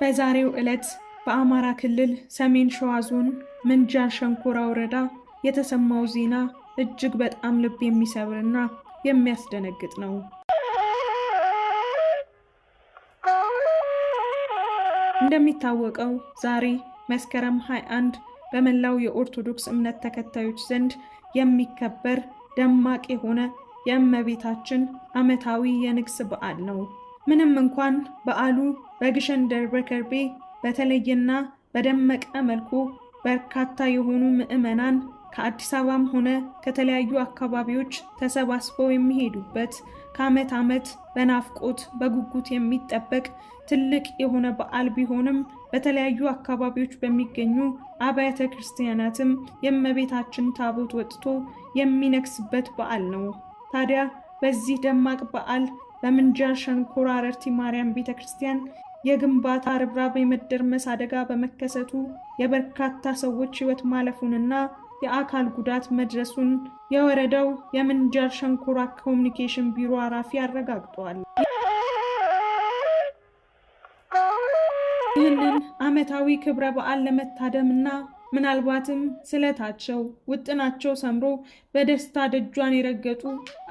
በዛሬው ዕለት በአማራ ክልል ሰሜን ሸዋ ዞን ምንጃር ሸንኮራ ወረዳ የተሰማው ዜና እጅግ በጣም ልብ የሚሰብርና የሚያስደነግጥ ነው። እንደሚታወቀው ዛሬ መስከረም 21 በመላው የኦርቶዶክስ እምነት ተከታዮች ዘንድ የሚከበር ደማቅ የሆነ የእመቤታችን ዓመታዊ የንግስ በዓል ነው። ምንም እንኳን በዓሉ በግሸን ደብረ ከርቤ በተለየና በደመቀ መልኩ በርካታ የሆኑ ምዕመናን ከአዲስ አበባም ሆነ ከተለያዩ አካባቢዎች ተሰባስበው የሚሄዱበት ከዓመት ዓመት በናፍቆት በጉጉት የሚጠበቅ ትልቅ የሆነ በዓል ቢሆንም በተለያዩ አካባቢዎች በሚገኙ አብያተ ክርስቲያናትም የእመቤታችን ታቦት ወጥቶ የሚነግስበት በዓል ነው። ታዲያ በዚህ ደማቅ በዓል በምንጃር ሸንኮራ አረርቲ ማርያም ቤተ ክርስቲያን የግንባታ ርብራብ የመደርመስ አደጋ በመከሰቱ የበርካታ ሰዎች ሕይወት ማለፉንና የአካል ጉዳት መድረሱን የወረዳው የምንጃር ሸንኮራ ኮሚኒኬሽን ቢሮ አራፊ አረጋግጠዋል። ይህንን ዓመታዊ ክብረ በዓል ለመታደም እና ምናልባትም ስለታቸው ውጥናቸው ሰምሮ በደስታ ደጇን የረገጡ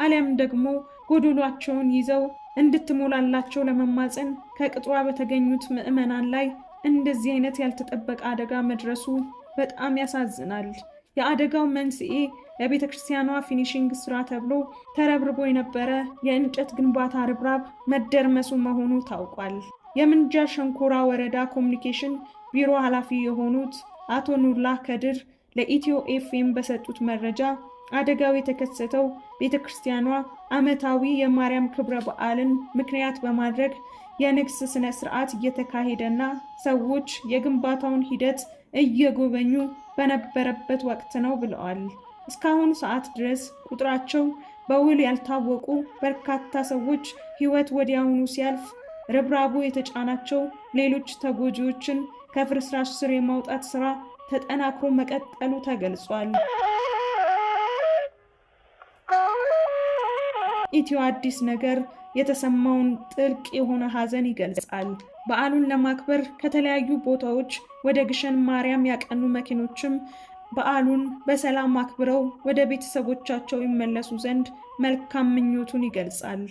አሊያም ደግሞ ጎዶሏቸውን ይዘው እንድትሞላላቸው ለመማፀን ከቅጥሯ በተገኙት ምዕመናን ላይ እንደዚህ አይነት ያልተጠበቀ አደጋ መድረሱ በጣም ያሳዝናል። የአደጋው መንስኤ ለቤተ ክርስቲያኗ ፊኒሽንግ ስራ ተብሎ ተረብርቦ የነበረ የእንጨት ግንባታ ርብራብ መደርመሱ መሆኑ ታውቋል። የምንጃ ሸንኮራ ወረዳ ኮሚኒኬሽን ቢሮ ኃላፊ የሆኑት አቶ ኑላ ከድር ለኢትዮ ኤፍኤም በሰጡት መረጃ አደጋው የተከሰተው ቤተ ክርስቲያኗ ዓመታዊ የማርያም ክብረ በዓልን ምክንያት በማድረግ የንግስ ስነ ስርዓት እየተካሄደና ሰዎች የግንባታውን ሂደት እየጎበኙ በነበረበት ወቅት ነው ብለዋል። እስካሁን ሰዓት ድረስ ቁጥራቸው በውል ያልታወቁ በርካታ ሰዎች ሕይወት ወዲያውኑ ሲያልፍ ርብራቡ የተጫናቸው ሌሎች ተጎጂዎችን ከፍርስራሽ ስር የማውጣት ስራ ተጠናክሮ መቀጠሉ ተገልጿል። ኢትዮ አዲስ ነገር የተሰማውን ጥልቅ የሆነ ሐዘን ይገልጻል። በዓሉን ለማክበር ከተለያዩ ቦታዎች ወደ ግሸን ማርያም ያቀኑ መኪኖችም በዓሉን በሰላም አክብረው ወደ ቤተሰቦቻቸው ይመለሱ ዘንድ መልካም ምኞቱን ይገልጻል።